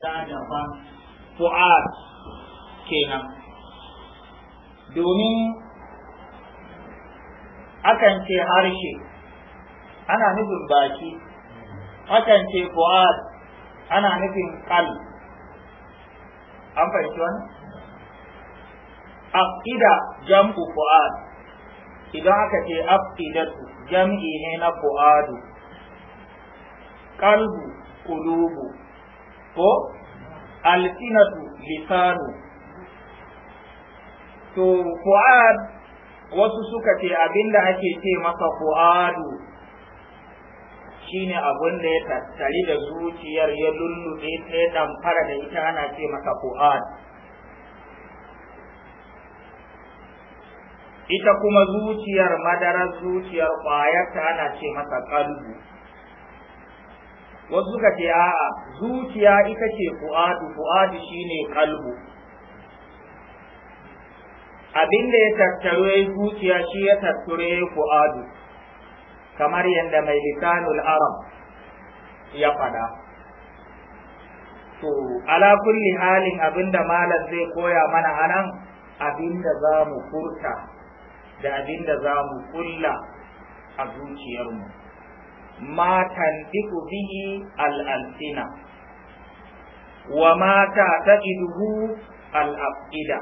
dafa fu'ad kenan domin akan ce harshe ana nufin baki akan ce fu'ad ana nufin kal an fahimci wani afida jam'u fu'ad idan aka ce afidatu jam'i ne na fu'adu kalbu kulubu ko alsinatu lisanu to fu'ad wasu suka ce abinda ake ce masa fu'adu shine abin da ya tattari da zuciyar ya lulluɗe ta ya damfara da ita ana ce masa fu'ad ita kuma zuciyar madarar zuciyar ƙwayarta ana ce masa ƙalbu wasu suka ce a'a zuciya ita ce fu'adu fu'adu shine kalbu abin da ya tattaro ya zuciya shi ya tattaro ya fu'adu kamar yadda mai lisanul arab ya fada to ala kulli halin abinda malam zai koya mana anan abinda za mu furta da abinda za mu kulla a zuciyarmu ma tantiku bihi al wa ma ta al-afida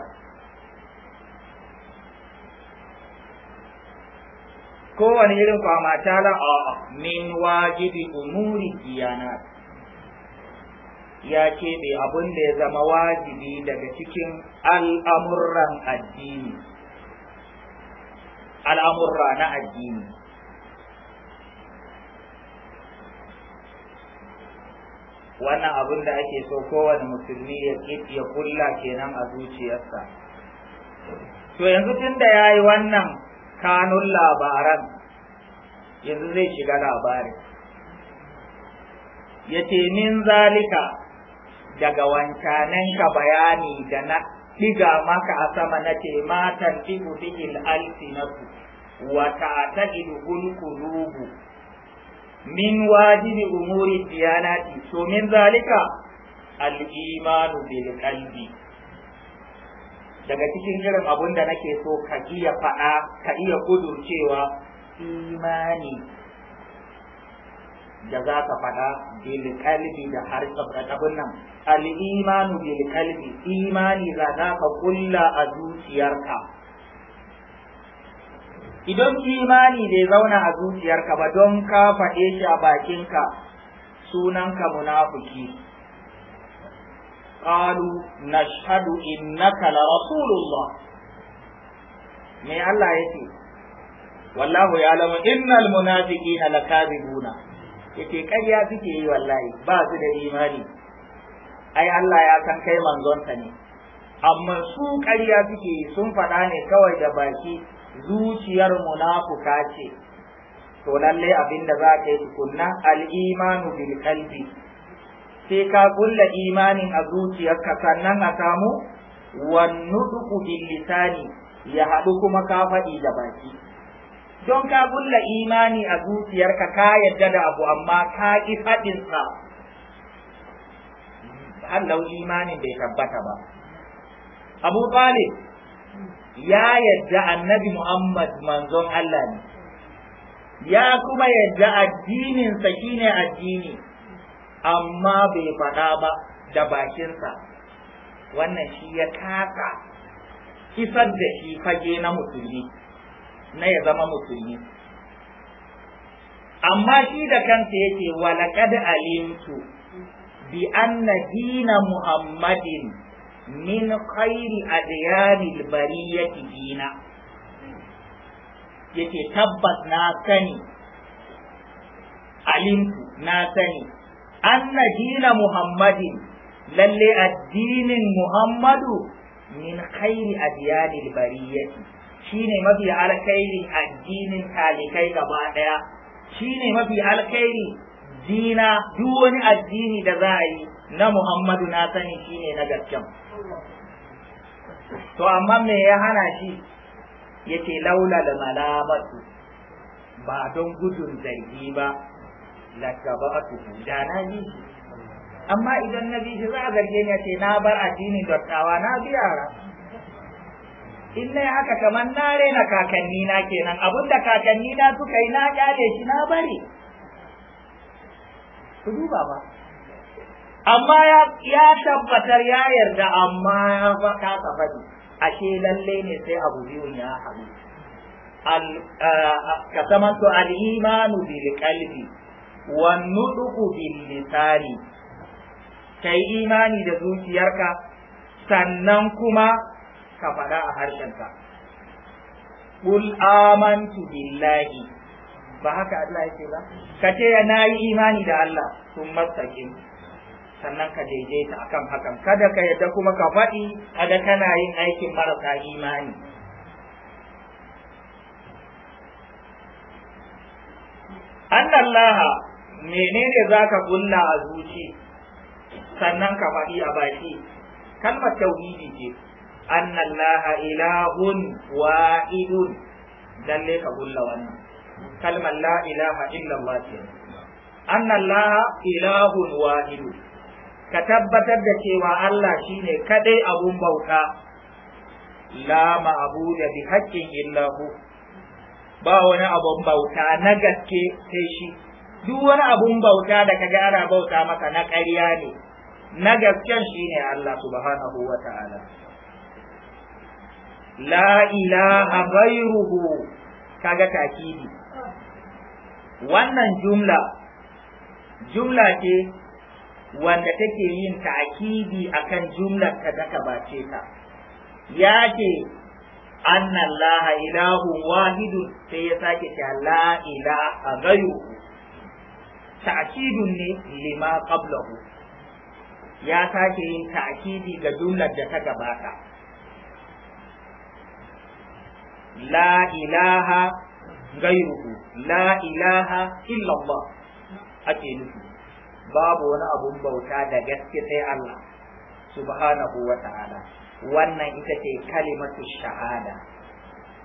kowane irin kwamata la a min wajibi umuri kiyana ya keɓe abin da ya zama wajibi daga cikin al'amuran addini al'amurra na addini wannan abin da ake so kowane musulmi ya kulla kenan a zuciyarsa to yanzu tun da ya yi wannan kanun labaran yanzu zai shiga labarin ya min zalika daga wancanenka bayani da na diga maka a sama na ce matan ibu bihil alsinatu wa ta ta min wajibi umuri diyanati to min zalika al-imanu bil qalbi daga cikin irin abun da nake so ka iya faɗa ka iya kudurcewa imani da za ka faɗa bil qalbi da har abun nan al-imanu bil qalbi imani za ka kulla a zuciyarka idan imani bai zauna a zuciyarka ba don ka faɗe shi a bakinka sunanka munafiki qalu nashhadu innaka la rasulullah me Allah yake wallahu ya'lamu innal munafiqina lakazibuna yake ƙarya suke yi wallahi ba su da imani ai Allah ya san kai ka ne amma su ƙarya suke sun faɗa ne kawai da baki zuciyar munafuka ce to lallai abin da za ka yi tukunna al'imanu bil qalbi sai ka kulla imanin a zuciyarka sannan a samu wannuduku bil lisani ya haɗu kuma ka faɗi da baki don ka kulla imani a zuciyarka ka yadda da abu amma ka ƙi faɗinsa Allah imanin bai tabbata ba Abu Talib ya yadda annabi Muhammad manzon Allah ne ya kuma yadda addininsa shine addini amma bai faɗa ba da bakinsa wannan shi ya kasa isar da shi fage na musulmi na ya zama musulmi amma shi da kanta yake walakad alimtu bi anna dina muhammadin min khairi adiyanil bariyati dina yace tabbas na sani alimtu na sani anna dina muhammadin lalle addinin muhammadu min khairi yaki. bariyati shine mafi alkhairi addinin talikai gaba daya shine mafi alkhairi dina duk wani addini da za a yi na Muhammadu na sani shine na gasken to amma me ya hana shi yake laula da malamatu ba don gudun zargi ba lakabatu da na bi shi amma idan na bi shi za a zarge ni ce na bar addinin dottawa na bi yara in na haka kamar na rena kakanni na kenan abunda kakanni na suka yi na kyale shi na bari ku duba ba amma ya tabbatar ya yarda amma ya faɗa tsafadi ashe lalle ne sai abu biyun ya haɗu ka samanto al'imanu bil kalbi wa nuduku bil lisani kai imani da zuciyarka sannan kuma ka faɗa a harshenka Kul amantu billahi ba haka Allah yake ba ka ce na yi imani da Allah sun mastakin sannan ka daidaita akan hakan kada ka yadda kuma ka faɗi kada kana yin aikin marasa imani annallaha menene zaka kunna a zuci sannan ka faɗi a baki kalmar tauhidi ce annallaha ilahun wa'idun lalle ka kulla wannan kalmar la ilaha illallah ce annallaha ilahun wa'idun ka tabbatar da cewa Allah shi ne kadai abun bauta la ma'budu bi haqqin illahu ba wani abun bauta na gaske sai shi duk wani abun bauta da kaga ana bauta maka na ƙarya ne na gasken ne Allah subhanahu wa ta'ala la ilaha ghayruhu kaga takidi wannan jumla jumla ce wanda take yin ta'kidi akan jumlar ka da ka bace ta ya ce anna Allah ilahu wahidun sai ya sake ta la ilaha ghayru ta'kidun ne lima qablahu ya sake yin ta'kidi ga jumlar da ta gabata la ilaha ghayruhu la ilaha illallah ake nufi babu wani abun bauta da gaske sai Allah subhanahu wa ta'ala wannan ita ce kalimatu shahada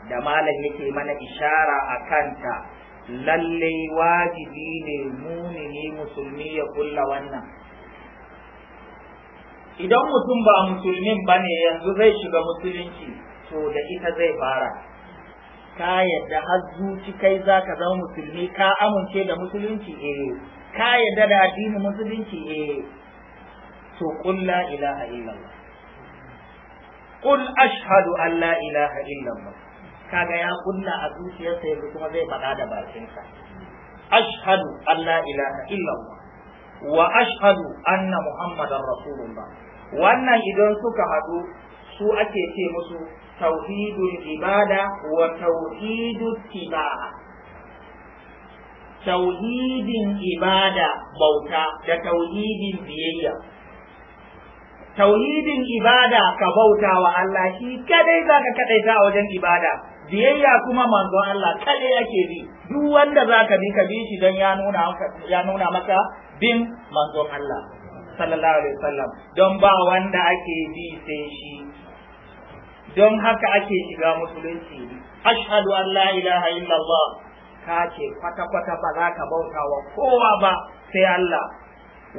da malam yake mana ishara a kanta lalle wajibi ne ne musulmi ya kulla wannan idan mutum ba musulmin ba ne yanzu zai shiga musulunci to da ita zai fara ka yadda har zuci kai za ka zama musulmi ka amince da musulunci eh ka yadda da addinin musulunci eh to qul la ilaha illallah qul ashhadu an la ilaha illallah kaga ya kunna a zuciyarsa yanzu kuma zai faɗa da bakinsa ashhadu an la ilaha illallah wa ashhadu anna muhammadan rasulullah wannan idan suka haɗu su ake ce musu tauhidul ibada wa tauhidul tiba'a tauhidin ibada bauta da tauhidin biyayya tauhidin ibada ka bauta wa Allah shi kadai zaka kadaita a wajen ibada biyayya kuma manzo Allah kadai yake bi duk wanda zaka bi ka bi shi dan ya nuna ya nuna maka bin manzo Allah sallallahu alaihi wasallam don ba wanda ake bi sai shi don haka ake shiga musulunci ashhadu an la ilaha illallah ka ce kwata-kwata ba za ka bauta wa kowa ba sai Allah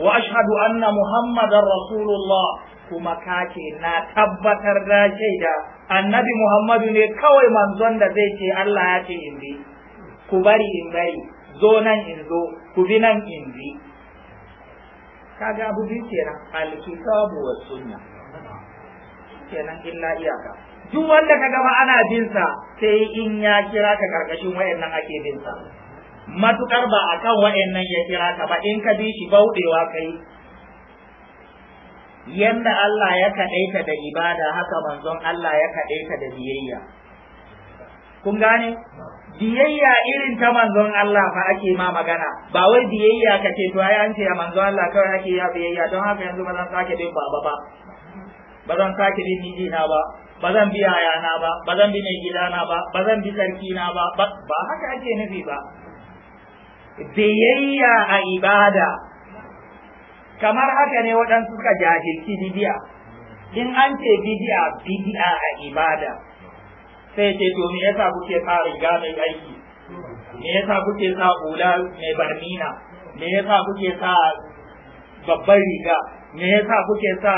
wa ashhadu anna muhammadar rasulullah kuma ka ce na tabbatar da shaida annabi muhammadu ne kawai manzon da zai ce Allah ya ce in bi ku bari in bari zo nan in zo ku bi nan in bi kaga abu bi kenan alkitabu wa sunna kenan illa iyaka duk wanda ka gama ana binsa sai in ya kira ka karkashin wayannan ake binsa matukar ba akan wayannan ya kira ka ba in ka bi shi bauɗewa kai yanda Allah ya kaɗaita da ibada haka manzon Allah ya kaɗaita da biyayya kun gane biyayya irin ta manzon Allah fa ake ma magana ba wai biyayya ka ce to ai an ce manzon Allah kawai ake ya biyayya don haka yanzu ba zan sake bin baba ba ba zan sake bin miji na ba ba zan bi yayana ba ba zan bi mai gidana ba ba zan bi sarkina ba ba haka ake nufi ba biyayya a ibada kamar haka ne waɗansu suka jahilci bidiya in an ce bidiya bidiya a ibada sai ce to me yasa kuke sa riga mai aiki me yasa kuke sa hula mai barmina me yasa kuke sa babbar riga me yasa kuke sa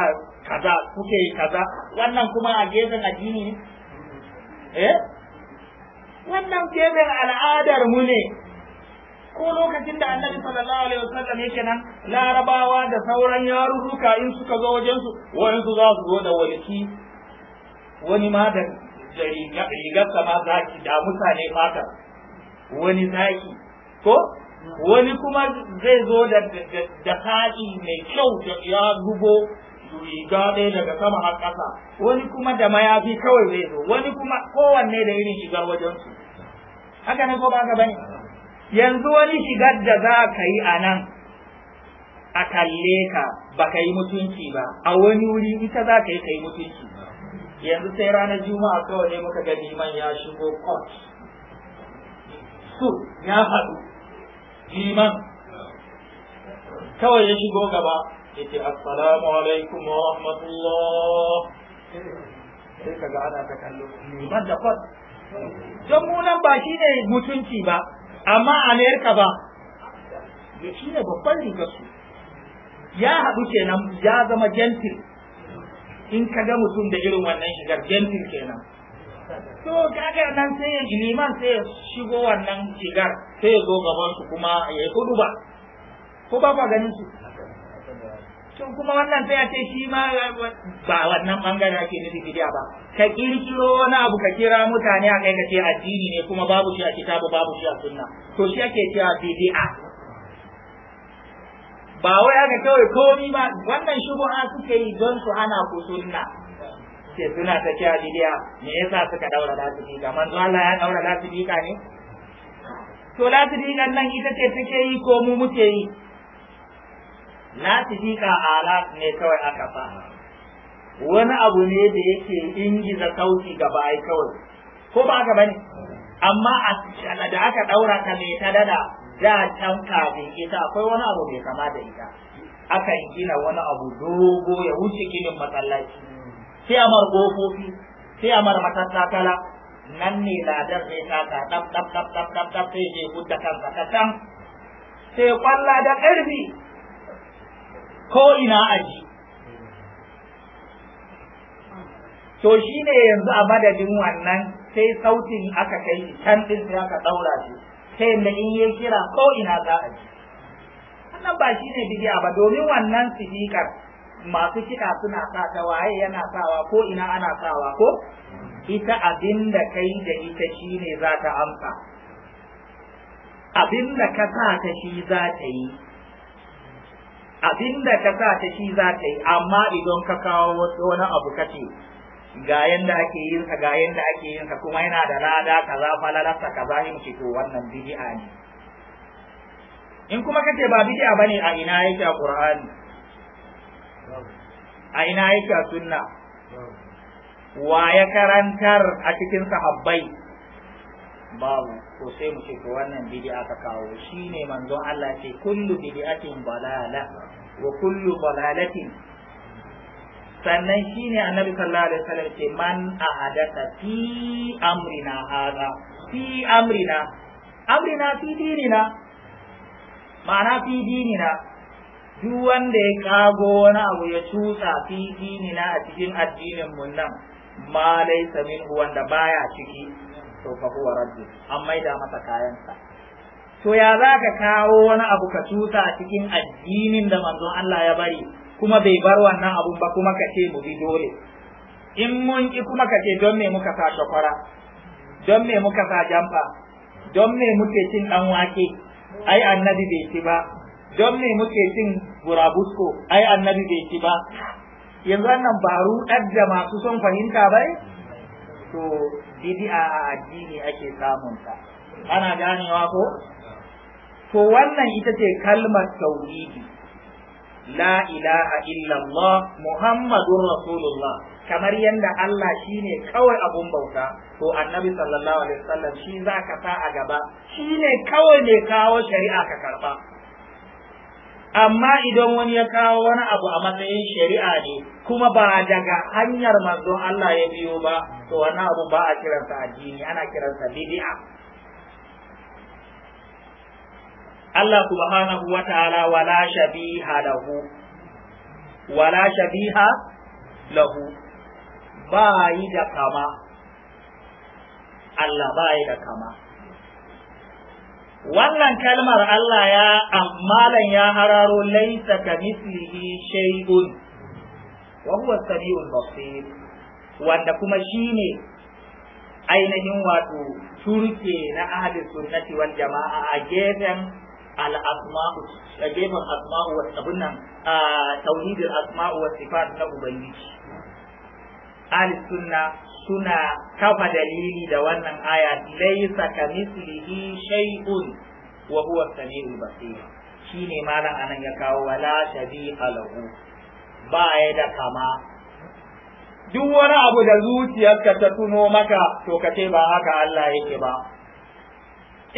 kaza kuke kaza wannan kuma a gefen addini ne eh wannan gefen al'adar mu ne ko lokacin da annabi sallallahu alaihi wasallam yake nan larabawa da sauran yarurruka in suka zo wajen su wani su za su zo da walki wani ma da rigarsa ma zaki da mutane fata wani zaki ko wani kuma zai zo da da mai kyau ya zubo riga ɗaya daga sama har ƙasa wani kuma da mayafi kawai zai zo wani kuma kowanne da irin shigar wajensu haka ne ko ba ka bane yanzu wani shigar da za ka yi a nan a kalle ka ba ka yi mutunci ba a wani wuri ita za ka yi ka yi mutunci yanzu sai ranar juma'a kawai ne muka ga liman ya shigo court su ya haɗu liman kawai ya shigo gaba yace assalamu alaikum wa rahmatullah sai ka ga ana ta kallo ban da kwat don mu nan ba shi ne mutunci ba amma amerika ba ya shi ne babban rigarsu ya haɗu kenan ya zama gentil in ka ga mutum da irin wannan shigar gentil kenan to kaga nan sai ya liman sai ya shigo wannan shigar sai ya zo gaban su kuma ya yi hudu ba ko ba ba ganin su Cun kuma wannan sai a ce shi ma ba wannan bangare ake nufi bidiya ba. Ka kirkiro wani abu ka kira mutane a kai ka ce addini ne kuma babu shi a kitabu babu shi a sunna. To shi ake cewa bidiya. Ba wai aka kawai komi ba wannan shubuha suke yi don su hana ku sunna. Ke suna ta cewa bidiya me yasa suka daura lasibi ga manzo Allah ya daura lasibi ne? To lasibi nan ita ce take yi ko mu muke yi? na tifiƙa alat ne kawai aka sa wani abu ne da yake ingiza sauki gaba kawai ko ba ka bane amma da aka daura mai ta dada da can kafin ita akwai wani abu mai kama da ita aka gina wani abu dogo ya wuce ginin masallaci sai amar kofofi sai amar matattakala nan ne ladar zai taka dab dab dab dab dab sai je hudda kasan sai kwalla da ƙarfi ko ina a ji to shi ne yanzu a madadin wannan sai sautin aka kai shi can ɗin sai aka ɗaura shi sai yadda in yi kira ko ina za a ji wannan ba shi ne a ba domin wannan sifikar masu kiɗa suna sa ta waye yana sawa ko ina ana sawa ko ita abin da kai da ita shi ne za ta amsa abin da ka sa ta shi za ta yi abinda ka sa ta shi za ta yi amma idan ka kawo wani abu ka ce ga yanda ake yin sa ga yanda ake yin sa kuma yana da ka kaza falalarsa kaza yin ce to wannan bid'a ne in kuma kace ba bid'a bane a ina yake a Qur'ani a ina yake a sunna wa ya karantar a cikin sahabbai babu ko sai mu ce to wannan bid'a ka kawo shine manzon Allah ce kullu bid'atin balala wa kullu balalatin sannan shine annabi sallallahu alaihi wasallam ce man ahadatha fi amrina hada fi amrina amrina fi dinina ma'ana fi dinina duk wanda ya kago wani abu ya cusa fi dinina a cikin addinin mu nan ma laysa wanda baya ciki to fa huwa rabbi an maida masa kayansa to ya za ka kawo wani abu ka tuta a cikin addinin da manzon Allah ya bari kuma bai bar wannan abun ba kuma ka ce mu bi dole in mun ki kuma ka ce don me muka sa shakwara don me muka sa jamfa don me muke cin dan wake ai annabi bai ci ba don me muke cin burabusko ai annabi bai ci ba yanzu wannan ba ruɗar da masu son fahimta bai to bid'a a addini ake samunta ana ganewa ko to wannan ita ce kalmar tauhidi la ilaha illallah muhammadur rasulullah kamar yadda Allah shine kawai abun bauta to annabi sallallahu alaihi wasallam shi zaka sa a gaba Shi ne kawai ne kawo shari'a ka karba amma idan wani ya kawo wani abu a matsayin shari'a ne kuma ba daga hanyar manzo Allah ya biyo ba to wannan abu ba a kiransa addini ana kiransa bid'a Allah subhanahu wa ta'ala wala shabiha lahu wala shabiha lahu ba yi da kama Allah ba yi da kama wannan kalmar Allah ya ammalan ya hararo laisa ka mislihi shay'un wa huwa samiul basir wanda kuma shine ainihin wato turke na ahli sunnati wal jama'a a gefen al-asma'u a gefen asma'u wa abun nan tauhidul asma'u wa sifat na ubangiji ahli sunna suna kafa dalili da wannan aya laisa kamislihi shay'un wa huwa samiul basir shine malam anan ya kawo wala shabiha lahu ba ya da kama duk wani abu da zuciyarka ta tuno maka to ka ce ba haka Allah yake ba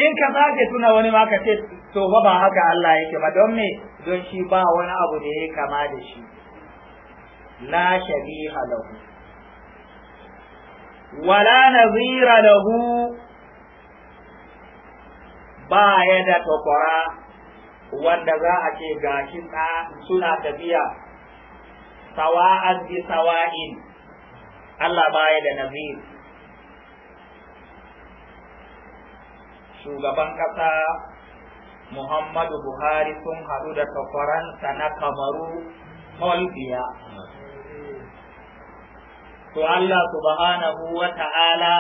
in ka sake tuna wani ma ce to ba ba haka Allah yake ba don me don shi ba wani abu da ya kama da shi la shabiha lahu wala nazira lahu ba ya da takwara wanda za a ce gashi suna tafiya sawa'an bi sawa'in Allah baya da nazir shugaban ƙasa Muhammadu Buhari sun haɗu da takwaransa na kamaru Holbiya to Allah subhanahu wa ta'ala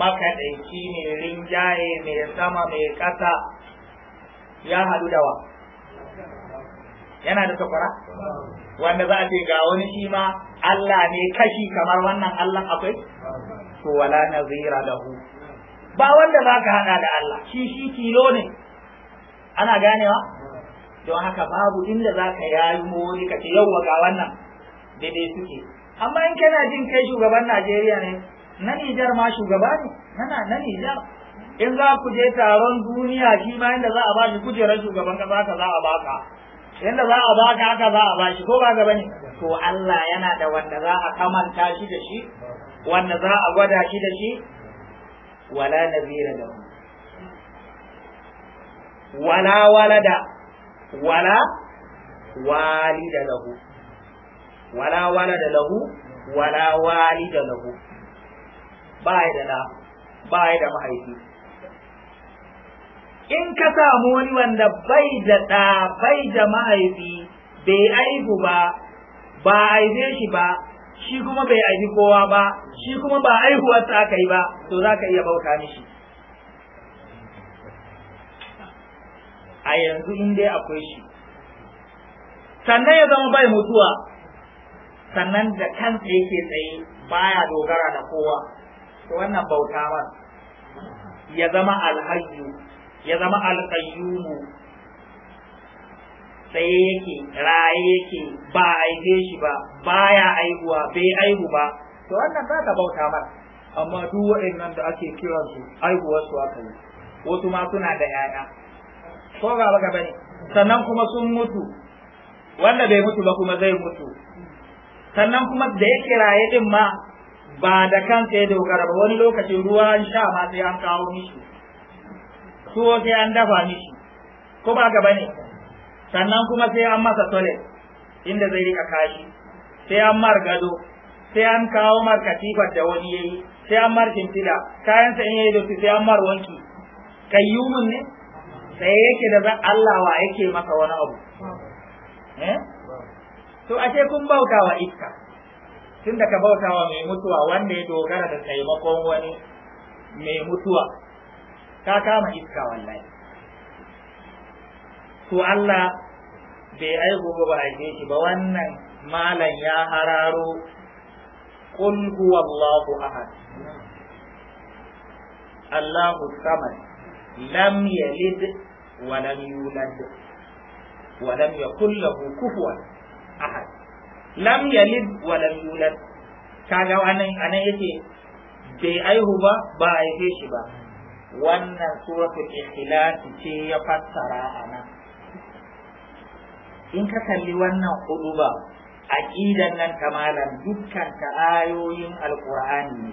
makaɗaici mai rinjaye mai sama mai ƙasa ya haɗu da wa yana da takwara wanda za a ce ga wani shi ma Allah ne kashi kamar wannan Allah akwai to wala nazira lahu ba wanda za ka haɗa da Allah shi shi tilo ne ana ganewa don haka babu inda za ka yayi mori ka ce yau ga wannan daidai suke amma in kana jin kai shugaban Najeriya ne na Nijar ma shugaba ne na na Nijar in za ku je taron duniya shi ma inda za a ba shi kujerar shugaban kasa ka za a ba ka, inda za a ba ka haka za a ba shi ko ba ga bane to Allah yana da wanda za a kamanta shi da shi wanda za a gwada shi da shi wala nabira da wala walada wala walida lahu wala wala da lahu wala wali da lahu ba ya da da ba da mahaifi in ka samu wani wanda bai da ɗa bai da mahaifi bai aihu ba ba aibe shi ba shi kuma bai aibi kowa ba shi kuma ba ta aka yi ba to za ka iya bauta mishi a yanzu in dai akwai shi sannan ya zama bai mutuwa sannan da kansa yake tsaye baya dogara da kowa to wannan bauta ma ya zama alhayyu ya zama alqayyumu tsaye yake raye yake ba aihe shi ba baya aihuwa bai aihu ba to wannan za ta bauta mar amma duk waɗannan da ake kiran su aihuwar su aka yi wasu ma suna da yaya ko ga baka bane sannan kuma sun mutu wanda bai mutu ba kuma zai mutu sannan kuma da ya kiraye din ma ba da kansa ya dogara ba wani lokacin ruwa an sha ma sai an kawo mishi tuwo sai an dafa mishi ko ba gaba ne sannan kuma sai an masa tole inda zai rika kashi sai an mar gado sai an kawo mar katifar da wani yayi sai an mar kintila, kayan sa in yayi dotti sai an mar wanki kayyumun ne sai yake da Allah wa yake maka wani abu eh? to ashe kun bauta wa iska tun da ka bauta wa mai mutuwa wanda ya dogara da taimakon wani mai mutuwa ka kama iska wallahi to Allah bai aiko ba a aike shi ba wannan malam ya hararo qul huwallahu ahad Allahu samad lam yalid wa lam yulad wa lam yakul lahu kufuwan ahad lam yalid wa lam yulad kaga wannan anan yake bai aihu ba ba a shi ba wannan suratul ikhlas ce ya fassara anan in ka kalli wannan ba aqidan nan kamalan dukkan ta ayoyin alqur'ani ne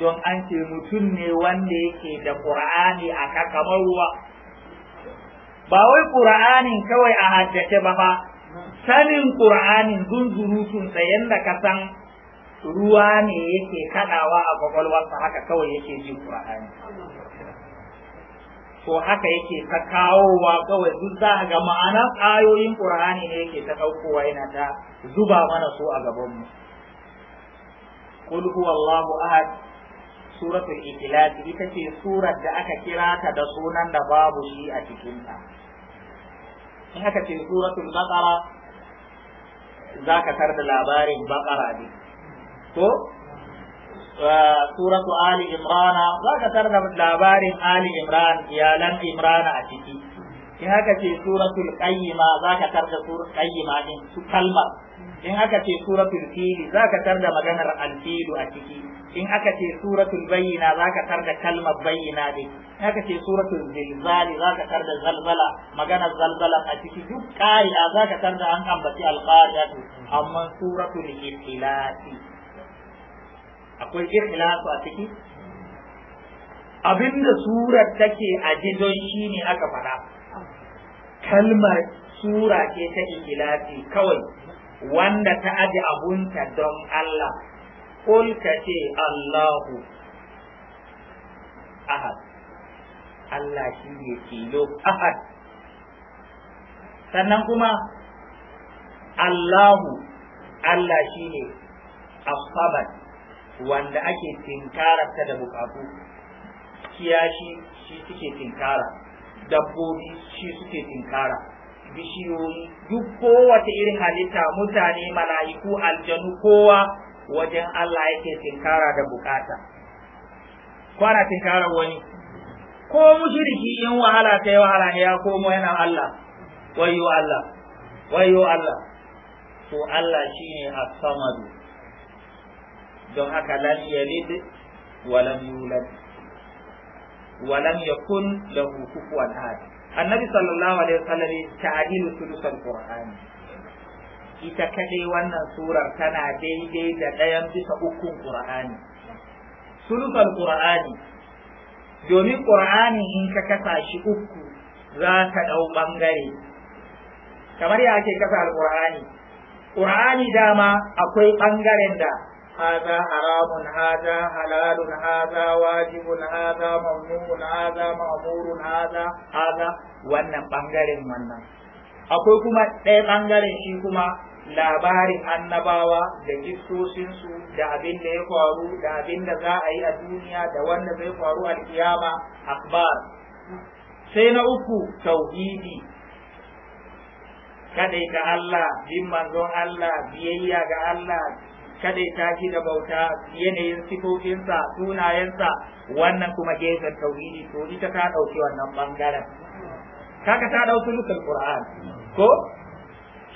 don an ce mutum ne wanda yake da qur'ani a kamar ruwa ba wai qur'anin kawai a haddace ba ba sanin qur'anin zunzurutun da yanda ka san ruwa ne yake kadawa a kwakwalwarsa haka kawai yake jin qur'ani to haka yake ta kawowa kawai duk za ga ma'anar ayoyin qur'ani ne yake ta daukowa yana ta zuba mana su a gabanmu qul huwallahu ahad suratul ikhlas ita ce surar da aka kira ta da sunan da babu shi a cikinta in aka ce suratul baqara za ka karda labarin baƙara ne to suratu ali imrana za ka tarda labarin ali imran iyalan imrana a ciki in haka ce suratul qayyima za ka tarda suratul qayyima din su kalmar in aka ce suratul fili zaka tarda maganar alfilu a ciki in aka ce suratul bayyina zaka tarda kalmar bayyina ne in aka ce suratul zilzali zaka tarda zalzala maganar zalzala a ciki duk za zaka tarda an ambaci alqari'atu amma suratul ikhlasi akwai ikhlasu a ciki abinda surar take a jidon ne aka faɗa kalmar sura ce ta ikhlasi kawai wanda ta aje abunta don Allah kul ka ce Allahu ahad Allah shi ne tilo ahad sannan kuma Allahu Allah shi ne asabar wanda ake tinkara ta da bukatu kiyashi shi suke tinkara dabbobi shi suke tinkara bishiyoyi duk kowace irin halitta mutane mala'iku aljanu kowa wajen Allah yake tinkara da bukata kwana tinkara wani ko mushriki in wahala ta wahala ya komo yana Allah wayo Allah wayo Allah to Allah shine as-samadu don haka lam yalid wa lam yulad wa lam yakun lahu kufuwan ahad annabi sallallahu alaihi wasallam ta'dilu sulusul qur'ani ita kadai wannan surar tana daidai da ɗayan bisa ukun qur'ani sulusul qur'ani domin qur'ani in ka kasa shi uku za ka dau bangare kamar ya ake kasa alqur'ani qur'ani dama akwai bangaren da هذا حرام هذا حلال هذا واجب هذا ممنوع هذا مأمور هذا هذا wannan bangaren wannan akwai kuma ɗaya bangaren shi kuma labarin annabawa da gistosinsu da abin da ya faru da abin da za a yi a duniya da wanda zai faru alkiyama akbar sai na uku tauhidi kadai ga Allah bin manzon Allah biyayya ga Allah kada ta shi da bauta yanayin sifofinsa sunayensa wannan kuma gefen tauhidi to ita ta dauki wannan bangaren kaka ta dauki lukar qur'an ko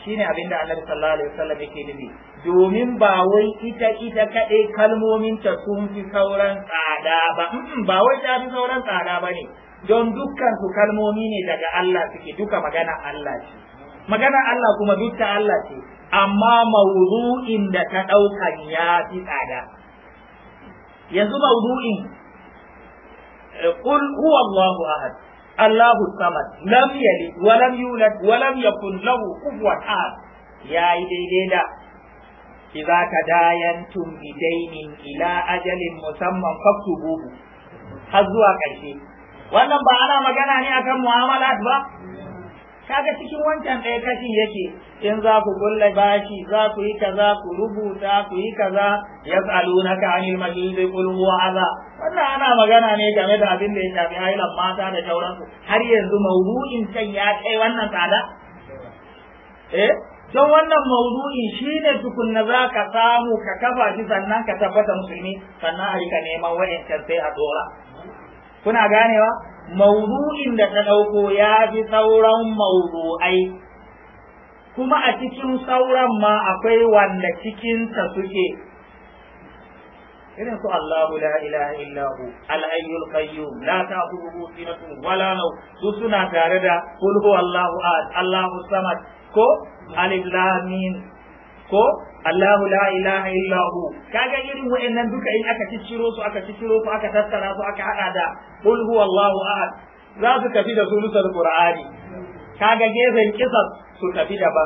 shine abin da annabi sallallahu alaihi wasallam yake nufi domin ba wai ita ita kadai kalmominta sun fi sauran tsada ba ba wai ta fi sauran tsada ba ne don dukkan su kalmomi ne daga Allah suke duka magana Allah ce magana Allah kuma duk Allah ce amma mawudu'in da ka ɗaukan ya fi tsada yanzu mawudu'in eh, qul huwa Allahu ahad Allahu samad lam yalid wa lam yulad wa lam yakun lahu kufuwan ahad yayi daidai da idza tadayantum bidainin ila ajalin musamman faktubuhu har zuwa ƙarshe wannan ba ana magana ne akan mu'amalat ba kaga cikin wancan ɗaya kashi yake in za ku kulle bashi za ku yi kaza ku rubuta ku yi kaza ya na ka anil mahidi kul huwa aza wannan ana magana ne game da abin da ya shafi hailan mata da sauransu har yanzu maudu'in can ya kai wannan tsada eh don wannan maudu'i shine tukunna za ka samu ka kafa shi sannan ka tabbata musulmi sannan a ka neman wa'ancan sai a dora kuna ganewa mawdu'in da ta ɗauko ya fi sauran mawdu'ai kuma a cikin sauran ma akwai wanda cikinsa suke irin su Allahu la ilaha hu al-ayyul qayyum la ta'khudhuhu sinatun wala naw su suna tare da qul huwallahu ahad Allahu samad ko alif lam mim ko Allahu la ilaha illa hu kaga irin wayannan duka in aka cicciro su aka cicciro su aka tattara su aka hada da qul huwallahu ahad za su tafi da sulusul qur'ani kaga gefen kisas su tafi da ba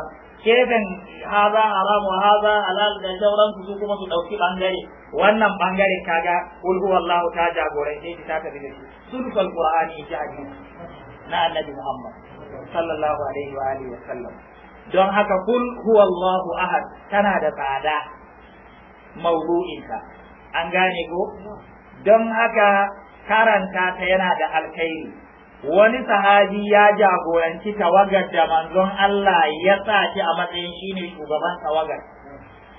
gefen haza haram wa haza halal da sauran su kuma su dauki bangare wannan bangare kaga qul huwallahu ta jagorance ta tafi da shi sulusul qur'ani ya ji na annabi Muhammad sallallahu alaihi wa alihi wa sallam don haka kul huwallahu ahad tana da tsada mawdu'inka an gane ko don haka karanta ta yana da alkhairi wani sahabi ya jagoranci tawagar da manzon Allah ya sa shi a matsayin shine shugaban tawagar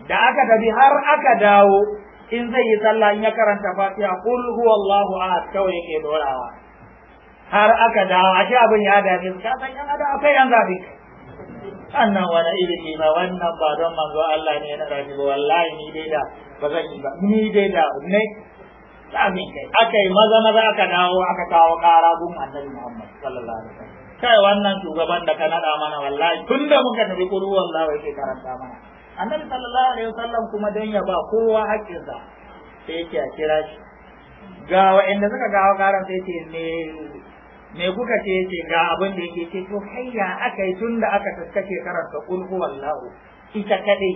da aka tafi har aka dawo in zai yi sallah in ya karanta fatiha kul huwallahu ahad kawai yake dorawa har aka dawo ashe abin ya dame ka san da adam akwai zafi annan wani ilimi ba wannan ba don manzo Allah ne na rafi ba wallahi ni dai da ba zan yi ba ni dai da ne sami kai aka yi maza maza aka dawo aka kawo kara gun annabi Muhammad sallallahu alaihi wasallam kai wannan shugaban da ka nada mana wallahi tun da muka tafi kuru wallahi sai karanta mana annabi sallallahu alaihi wasallam kuma dan ya ba kowa hakkinsa sai yake a kira shi ga wa'anda suka gawo karan sai ce ne me kuka ce yake ga abin da yake ce to hayya aka yi tun da aka taskace karanta kul wallahu ita kaɗai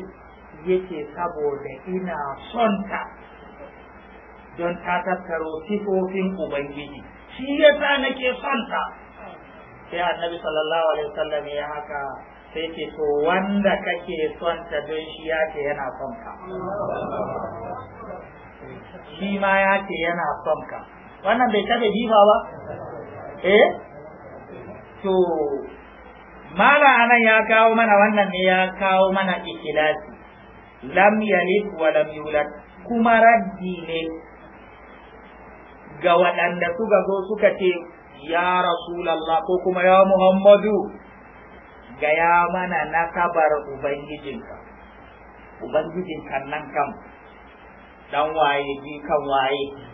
yake saboda ina son ta don ta tattaro sifofin ubangiji shi yasa nake son ta sai annabi sallallahu alaihi wasallam ya haka sai ce to wanda kake son ta don shi ya ce yana son ka shi ma ya yana son ka wannan bai taɓa jifa ba eh to mala anan ya kawo mana wannan ne ya kawo mana ikhlasi lam yalid wa lam yulad kuma raddi ne ga waɗanda suka zo suka ce ya rasulallah ko kuma ya muhammadu ga ya mana nasabar ubangijinka ubangijinka nan kan dan waye ji kan waye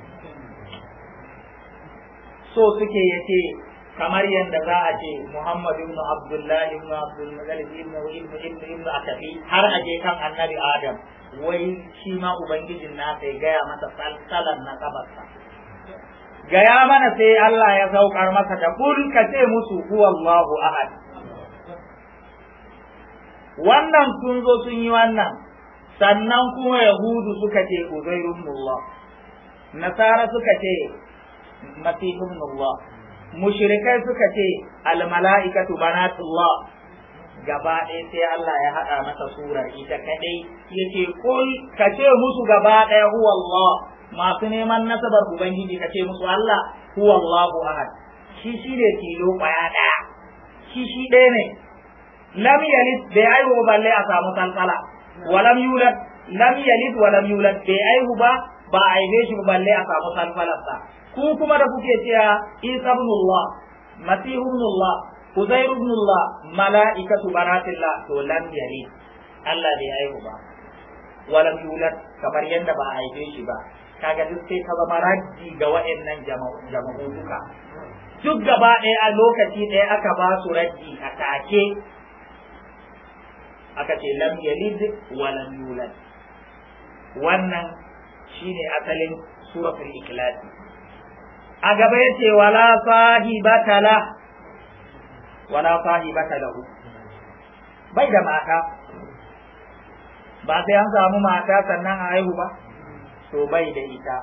so suke yace kamar yadda za a ce Muhammad ibn Abdullah ibn Abdul Muttalib ibn ibn ibn ibn Akafi har a je kan Annabi Adam wai shi ma ubangijin na ya gaya masa salsalan na kabarsa gaya mana sai Allah ya saukar masa da kun ka ce musu huwallahu ahad wannan sun zo sun yi wannan sannan kuma yahudu suka ce uzairun nasara suka ce masih Allah mushrikai suka ce al mala'ikatu banatullah gaba ɗaya sai Allah ya haɗa masa surar ita kadai. ya ce kul ka ce musu gaba ɗaya huwa Allah masu neman nasabar ubangiji ka ce musu Allah huwa Allahu ahad shi shi ne tilo kwaya ɗaya shi shi ɗaya ne lam yalid bai aihu balle a samu kalkala walam yulad lam yalid walam yulad bai aihu ba ba a shi ba balle a samu kalkalarsa ku kuma da kuke cewa Isa ibn Allah Masihu ibn Allah Uzair ibn Allah mala'ikatu baratillah to lam yari Allah bai aihu ba walam yulad kamar yadda ba a haife shi ba kaga duk sai ka zama raddi ga wa'annan jama'u duka duk gaba ɗaya a lokaci ɗaya aka ba su raddi a take aka ce lam yalid wa yulad wannan shine asalin suratul ikhlas a gaba ya ce wala fahi la wala sahibata lahu bai da mata ba sai an samu mata sannan a haihu ba to bai da ita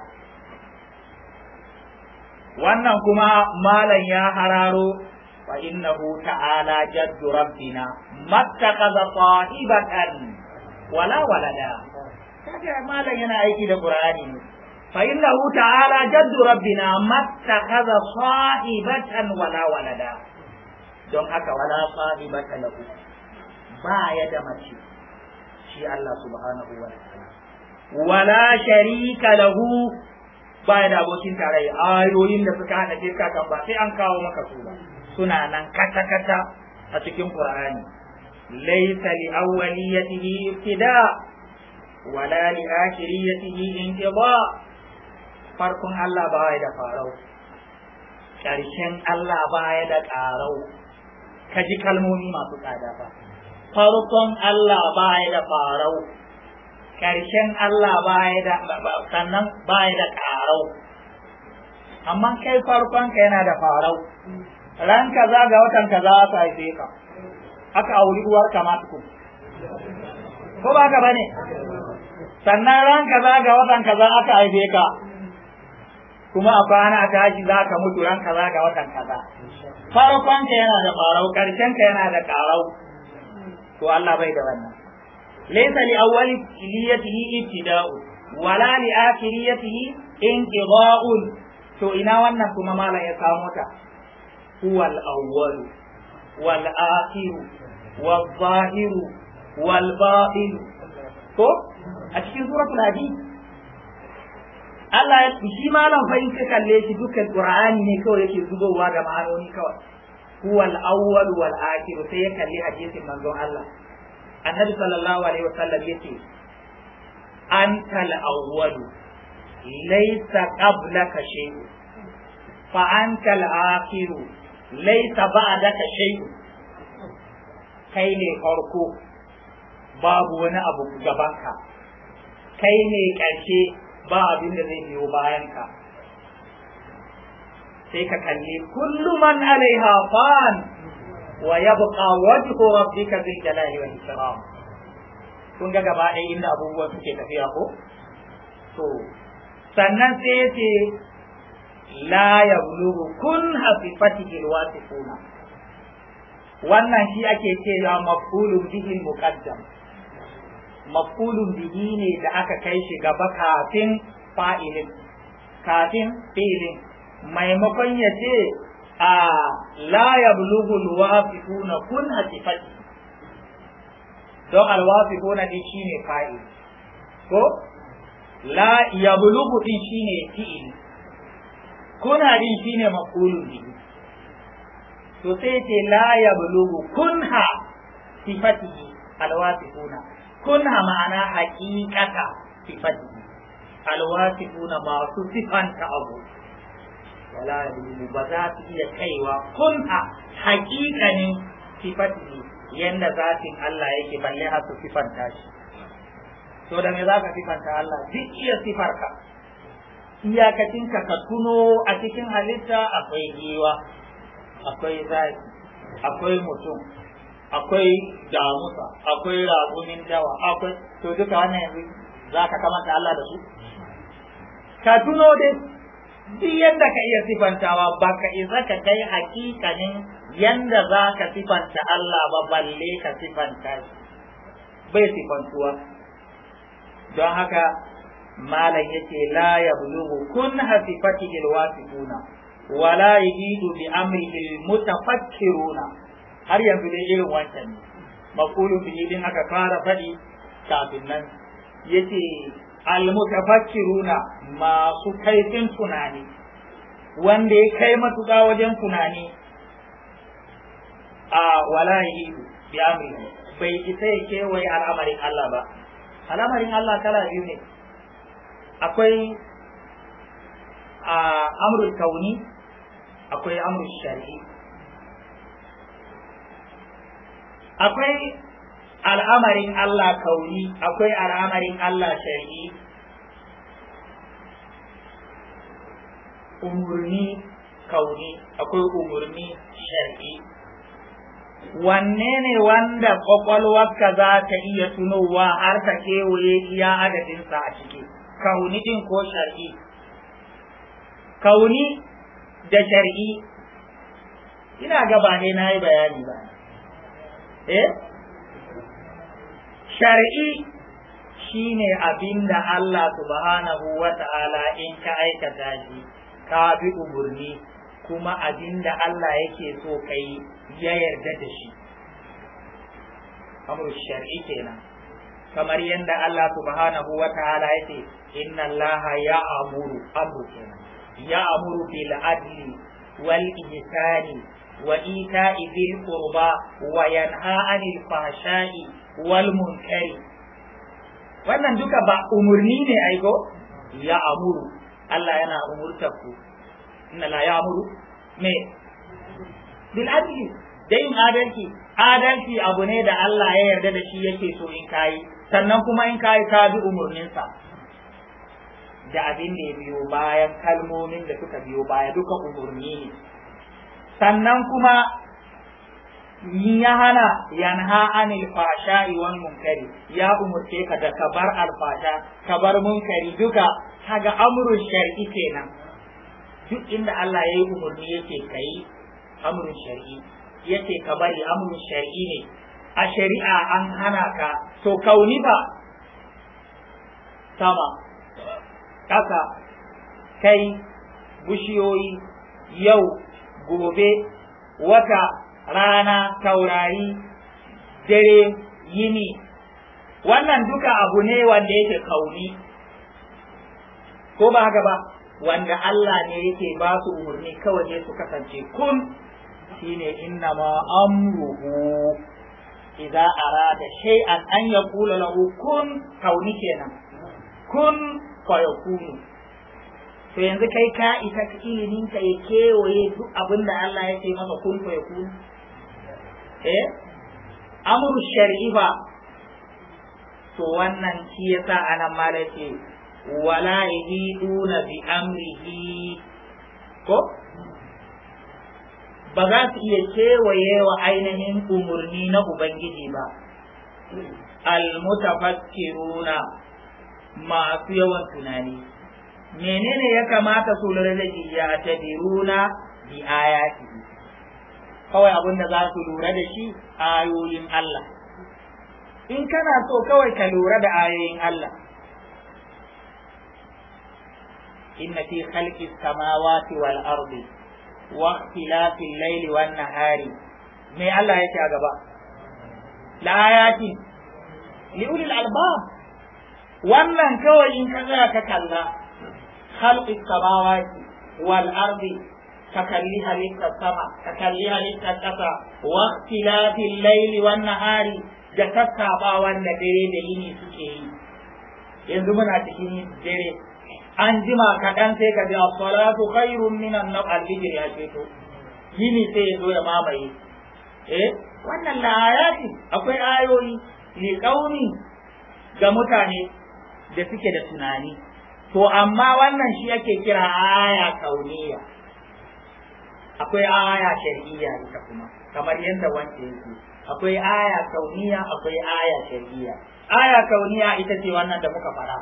wannan kuma malam ya hararo fa innahu ta'ala jaddu rabbina mattaqaza sahibatan wala walada kaje malam yana aiki da qur'ani ne فإنه تعالى جد ربنا ما اتخذ صاحبة ولا ولدا don haka wala sahibata lahu ba ya da mace shi Allah subhanahu wa ta'ala wala sharika lahu ba ya da abokin tarayya ayoyin da suka hada shirka kan ba sai an kawo maka su ba suna nan kata kata a cikin Qur'ani laysa li awwaliyatihi ibtida wala li akhiriyatihi inqida farkon Allah ba ya da farau ƙarshen Allah ba ya da ƙarau ka ji kalmomi masu tsada ba farkon Allah ba ya da farau ƙarshen Allah ba ya da sannan ba ya da ƙarau amma kai farkon ka yana da farau ran kaza ga watan kaza za ta haife ka aka auri uwar ma tukun ko ba ka bane sannan ran kaza ga watan kaza aka haife ka kuma a kwana a tashi za ka mutu ran kaza ga watan kaza farkon ka yana da farau karshen ka yana da karau to Allah bai da wannan laysa li awwali liyatihi ibtida'u wala li akhiriyatihi inqida'u to ina wannan kuma malam ya samu ta huwal awwal wal akhir wal zahir wal ba'in ko a cikin suratul hadid Allah ya shi malam fa in ka kalle shi dukkan Qur'ani ne kawai yake zubowa da ma'anoni kawai huwal awwal wal akhir sai ya kalli hadisin manzon Allah annabi sallallahu alaihi wasallam yace antal awwal laysa qablaka shay'un fa antal akhir laysa ba'daka shay'un kai ne farko babu wani abu gabanka kai ne ƙarshe ba abin da zai biyo bayan ka sai ka kalli kullu man alaiha fan wa yabqa wajhu rabbika bil jalali wal ikram kun ga gaba ɗaya inda abubuwan suke tafiya ko to sannan sai yace la yablughu kun al wasifuna wannan shi ake cewa maf'ulun bihi muqaddam mafulun bihi ne da aka kai shi gaba kafin fa'ilin kafin fi'ilin maimakon ya ce a la yablughul na kun asifati don ɗin shi ne fa'il ko la ɗin shi ne fi'il kuna shi ne mafulun bihi to sai ce la yablughu kunha sifatihi alwasifuna kunna ma'ana haqiqata sifati alwasifuna masu sifanta abu wala yalimu ba za su iya kaiwa kunna haqiqanin sifati yanda zatin Allah yake balle har su sifanta shi to da me zaka sifanta Allah duk iya sifarka ka? ka tuno a cikin halitta akwai giwa akwai zaki akwai mutum akwai damusa akwai ragunin dawa akwai to duka wannan yanzu za ka kamanta Allah da su ka tuno dai duk yadda ka iya sifantawa ba ka isa ka kai hakikanin yadda za ka sifanta Allah ba balle ka sifanta bai sifantuwa don haka malam yake la bulugu kun hasifatihi alwasifuna wala yajidu bi amrihi mutafakkiruna har yanzu dai irin wancan ne maqulun bihi din aka fara faɗi kafin nan yace almutafakkiruna masu kaifin tunani wanda ya kai matuƙa wajen tunani a walahi bi amri bai isa ya kewaye al'amarin Allah ba al'amarin Allah kala biyu ne akwai a amrul kauni akwai amrul shari'i akwai al'amarin Allah kauni akwai al'amarin Allah shari'i umurni kauni akwai umurni shari'i wanne ne wanda kwakwalwarka za ta iya tunowa har ta kewaye iya adadinsa a ciki kauni din ko shari'i kauni da shari'i ina gaba ne na yi bayani ba shi eh? shar'i abin da Allah subhanahu ta'ala in ka aikata shi ka bi umarni kuma abin da Allah yake so kai ya yarda da shi amru shar'i kenan kamar yadda Allah subhanahu ya yake inna Allah ya amuru amru kenan ya amuru bil adli wal ihsani وإيتاء ذي القربى وينهى عن الفحشاء والمنكر wannan duka ba umurni ne aiko ya amuru Allah yana umurta ku inna la ya amuru me bil adli dai adalci adalci abu ne da Allah ya yarda da shi yake so in kai sannan kuma in kai ka bi umurninsa da abin da ya biyo bayan kalmomin da suka biyo baya duka umurni ne sannan kuma ya hana yanha anil fasha'i wal munkari ya umurce ka da kabar alfasha kabar munkari duka kaga amrun shar'i kenan duk inda Allah ya yi umarni yake kai amrun shar'i yake ka bari amrun shar'i ne a shari'a an hana ka to kauni ba sama ƙasa kai bishiyoyi, yau gobe wata rana taurari dare yini wannan duka abu ne wanda yake kauni ko ba haka ba wanda Allah ne yake ba su umarni kawai ne su kasance kun shine inna ma amruhu idza arada shay'an an yaqula lahu kun kauni kenan kun yakunu to yanzu kai ka isa ilimin ka ya kewaye duk abin da Allah ya ce maka kun ya kun eh amru shar'i ba to wannan shi yasa anan ma da ce wala yahiduna bi amrihi ko ba za su iya kewaye wa ainihin umurni na ubangiji ba al-mutafakkiruna masu yawan tunani menene ya kamata su lura da shi ya biruna bi ayati kawai abin da za su lura da shi ayoyin Allah in kana so kawai ka lura da ayoyin Allah inna fi khalqi samawati wal ardi wa ikhtilafi al-layli wan nahari me Allah yake a gaba la ayati li ulil albab wannan kawai in ka ka kalla khalqis samawati wal ardi ka kalli halittar sama ka kalli halittar ƙasa wa ikhtilafil laili wan nahari da sassaɓawan da dare da yini suke yi yanzu muna cikin dare an jima kaɗan sai ka ji as-salatu khairun minan nawm al-fijr ya ceto yini sai ya zo ya mamaye eh wannan la'ayati akwai ayoyi li qaumi ga mutane da suke da tunani to amma wannan shi yake kira aya kauniya akwai aya shar'iyya ita kuma kamar yadda wanda yake akwai aya kauniya akwai aya shar'iyya aya kauniya ita ce wannan da muka fara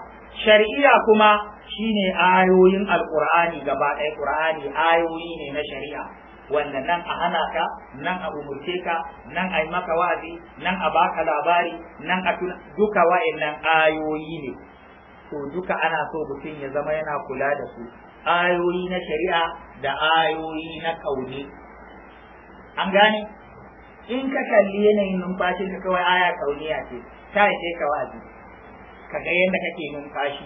shar'iyya kuma shine ayoyin alqur'ani gaba ɗaya qur'ani ayoyi ne na shari'a wanda nan a hana ka nan a umurce ka nan a yi maka wa'azi nan a baka labari nan a duka wa'annan ayoyi ne to duka ana so mutum ya zama yana kula da su ayoyi na shari'a da ayoyi na kauni an gane in ka kalli yanayin numfashi ka kawai aya kauniya ce ta ce ka wa'azi ka ga yadda kake numfashi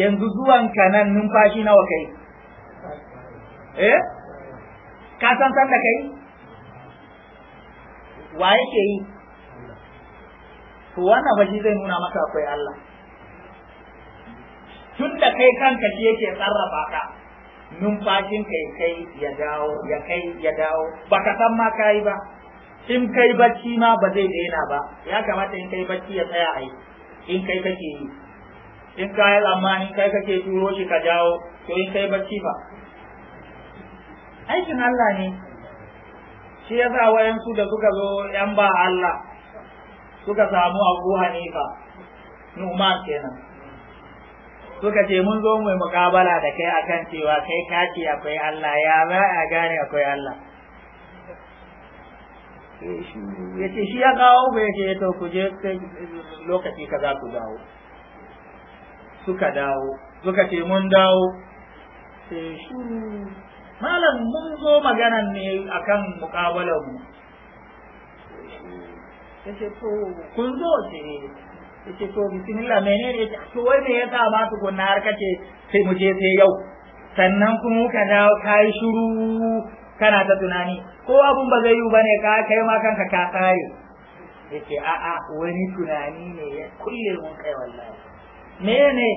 yanzu zuwan ka nan numfashi nawa kai eh ka san san da kai wa yake yi to wannan fashi zai nuna maka akwai Allah tun da kai kanka shi yake sarrafa ka numfashin kai kai ya dawo ya kai ya dawo baka san ma kai ba in kai bacci ma ba zai daina ba ya kamata in kai bacci ya tsaya ai in kai kake yi in kai tsammanin kai kake turo shi ka dawo to in kai bacci ba aikin Allah ne shi ya sa wayansu da suka zo yan ba Allah suka samu Abu Hanifa Nu'man kenan suka ce mun zo mu muƙabala da kai akan cewa kai ka ce akwai Allah ya ba a gane akwai Allah ya ce shi ya kawo ku ya ce to ku je lokaci ka za ku dawo suka dawo suka ce mun dawo malam mun zo maganan ne akan mukabalar mu ya ce to kun zo ce yace to bismillah menene yace to wai me yasa masu gona har kace sai mu je sai yau sannan kuma ka dawo kai shiru kana ta tunani ko abun ba zai yi ne ka kai ma kanka ka tsare yace a a wani tunani ne ya kulle mun kai wallahi mene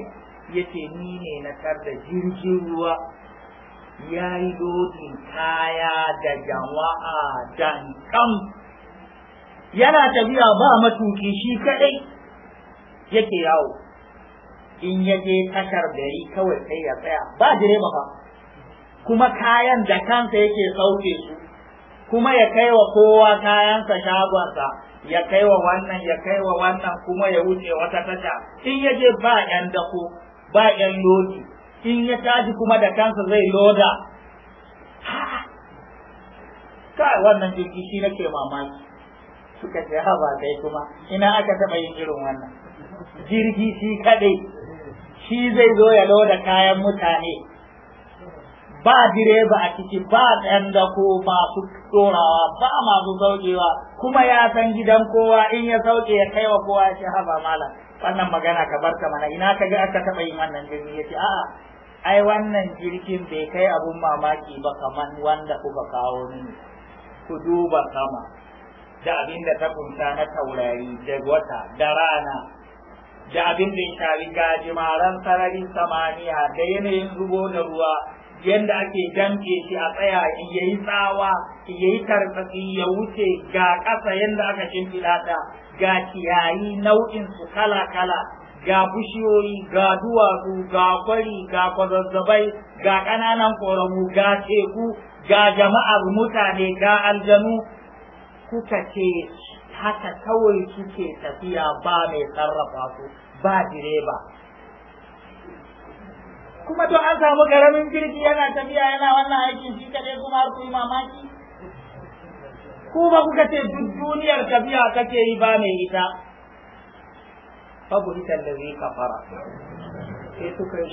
yake ni ne na da jirgin ruwa ya yi dokin kaya da jama'a dan kam yana tafiya ba matuki shi kadai yake yawo in ya je tashar gari kawai sai ya tsaya ba direba ba kuma kayan da kansa yake sauke su kuma ya kai wa kowa kayansa shagonsa ya kai wa wannan ya kai wa wannan kuma ya wuce wata tasha in ya je ba yan dako ba yan lodi in ya tashi kuma da kansa zai loda kai wannan jirgi shi nake mamaki suka ce ba dai kuma ina aka taɓa yin irin wannan jirgi shi kadai shi zai zo ya loda kayan mutane ba direba a ciki ba ɗan dako masu tsorawa ba masu saukewa kuma ya san gidan kowa in ya sauke ya kai wa kowa shi haba malam wannan magana ka ta mana ina ka ga aka taɓa yin wannan jirgi ya ce a'a ai wannan jirgin bai kai abun mamaki ba kamar wanda kuka kawo mini ku duba sama da abin da ta kunta na taurari da wata da rana da abin da ya ga gajimaran sararin samaniya da yanayin zubo da ruwa yadda ake danke shi a tsaya ya yi tsawa ya yi ya wuce ga ƙasa yadda aka shimfiɗa ta ga kiyayi nau'in su kala kala ga bishiyoyi ga duwatsu ga kwari ga kwazazzabai ga ƙananan ƙoramu ga teku ga jama'ar mutane ga aljanu kuka ce haka kawai suke tafiya ba mai sarrafa su ba direba kuma to an samu karamin jirgi yana tafiya yana wannan aikin shi kaɗai kuma har kuyi mamaki ko ba kuka ce duk duniyar tafiya kake yi ba mai ita babu ita da zai kafara sai suka yi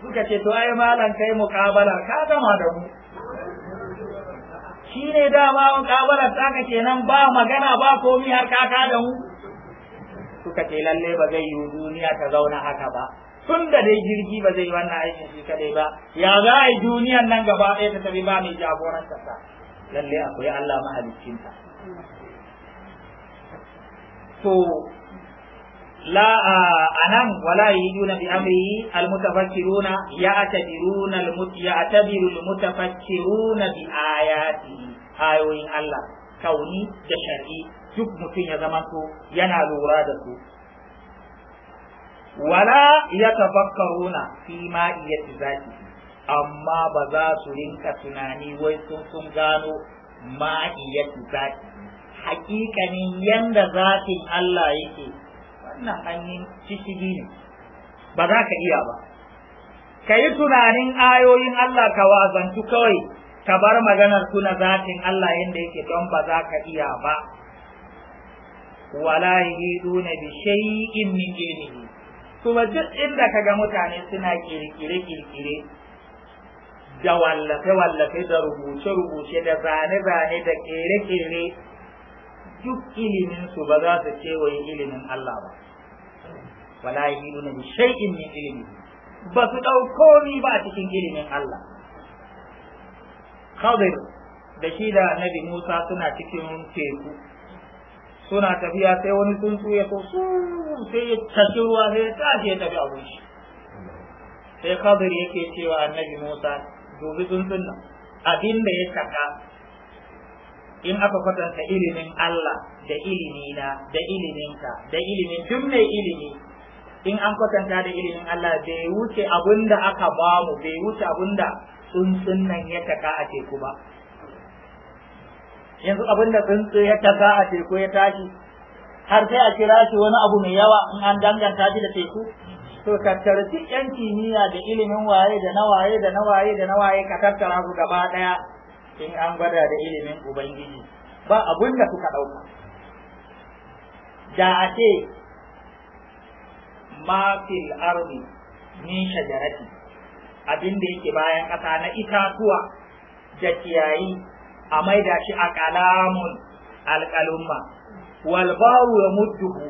suka ce to ai malam kai muƙabala ka gama da mu shi ne dama wani kabarar kenan ba magana ba komi har kaka da mu suka ce lalle ba zai yi duniya ta zauna haka ba tun da dai jirgi ba zai wannan aikin shi kadai ba ya za a yi duniyan nan gaba ɗaya ta tafi ba mai jagorantar ta lalle akwai Allah mahaliccinta to la anam wala yujuna bi amrihi almutafakkiruna ya'tabiruna almutayabiru almutafakkiruna bi ayati ayoyin Allah kauni da shar'i duk mutum ya zama to yana lura da su wala yatafakkaruna fi ma iyati amma ba za su rinka tunani wai sun sun gano ma iyati zati hakikanin yanda zatin Allah yake wannan an yi shishigi ne ba za ka iya ba ka yi tunanin ayoyin Allah ka wazantu kawai ka bar maganar suna zafin Allah yadda yake don ba za ka iya ba wala yiduna bi shay'in min ilmihi kuma duk inda kaga mutane suna kirkire kirkire da wallafe wallafe da rubuce rubuce da zane zane da kere kere duk iliminsu ba za su kewaye ilimin Allah ba wala yi bi shay'in min ilmi ba su ɗauko ni ba cikin ilimin Allah Khadir da shi da Nabi Musa suna cikin teku suna tafiya sai wani tsuntsu ya ko su sai ya ruwa sai ya tashi ya tafi abin shi sai Khadir yake cewa Annabi Musa dubi tsuntsun nan abin da ya taka in aka kwatanta ilimin Allah da ilimina da iliminka da ilimin duk mai ilimi in an kwatanta da ilimin Allah bai wuce abinda aka bamu bai wuce abinda tsuntsun nan ya taka a teku ba yanzu abinda tsuntsu ya taka a teku ya tashi har sai a kira shi wani abu mai yawa in an danganta shi da teku to tarci yan kimiyya da ilimin waye da na waye da na da na ka tattara su gaba daya in an gwada da ilimin ubangiji ba abinda suka ɗauka. da a ce ma fil ardi min shajarati abin da yake bayan ƙasa na itatuwa da ciyayi a maida shi a kalamun alƙalumma wal baru ya mudduhu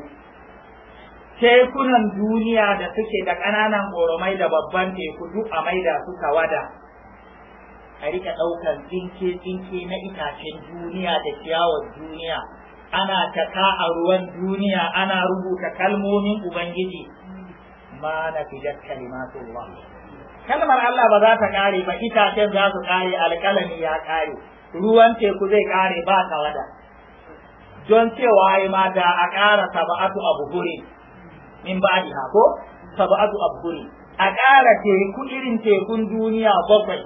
tekunan duniya da suke da ƙananan goromai da babban teku duk a maida su tawada a rika ɗaukar tsinke-tsinke na itacen duniya da ciyawar duniya ana taka a ruwan duniya ana rubuta kalmomin ubangiji ma na fijar kalimatullah kalmar Allah ba za ta kare ba itacen za su kare alƙalami ya kare ruwan teku zai kare ba tawada don cewa ai ma da a kara sab'atu abuhuri min ha ko sab'atu abuhuri a kara teku irin tekun duniya bakwai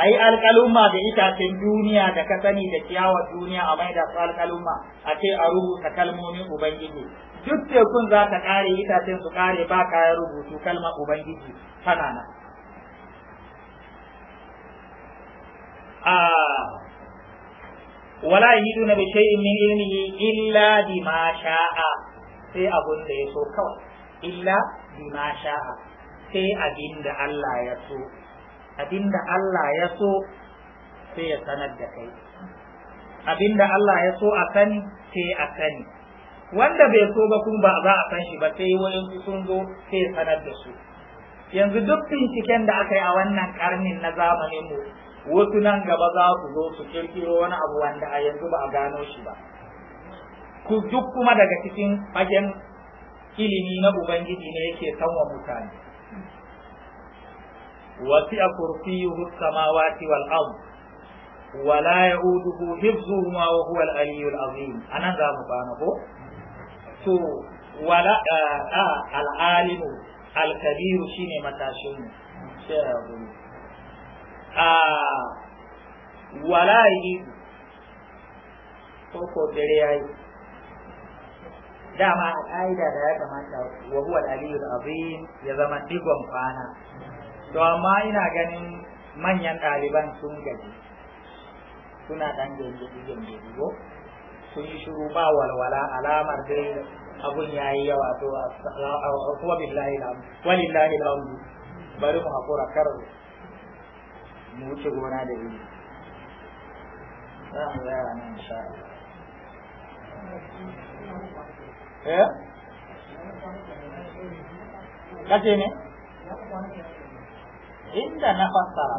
a yi alƙalumma da itacen duniya da ka sani da ciyawar duniya a maida su alƙalumma a ce a rubuta kalmomin ubangiji duk tekun za ta ƙare itacen su ƙare ba kayan rubutu kalmar ubangiji tana nan a wala yidu na bishai min ilmihi illa ma sha'a sai abun da ya so kawai illa ma sha'a sai abin da Allah ya so abinda Allah ya so sai ya sanar da kai abinda Allah ya so a sani sai a sani wanda bai so ba kuma ba za a san shi ba sai wayansu sun zo sai ya sanar da su yanzu duk binciken da aka yi a wannan karnin na zamanin mu wasu nan gaba za su zo su kirkiro wani abu wanda a yanzu ba a gano shi ba ku duk kuma daga cikin fagen ilimi na ubangiji ne yake sanwa mutane وسع كرسيه السماوات والأرض ولا يؤوده حفظهما وهو العلي العظيم أنا ذا مبانه تو ولا آه آه العالم الكبير شيني متاشم آه ولا يؤيد ko dare yayi dama a ƙa'ida da ya kamata wa huwa al-aliyyul azim ya zama digon kwana to amma ina ganin manyan ɗaliban sun gaji suna ɗan gengedi ko sun yi shuru ba walwala alamar dai abun ya yi yawa to kuma billahi walillahi wani bari mu haƙura kar mu wuce gona da yi za mu zaya nan sha Eh? Kace ne? inda na fassara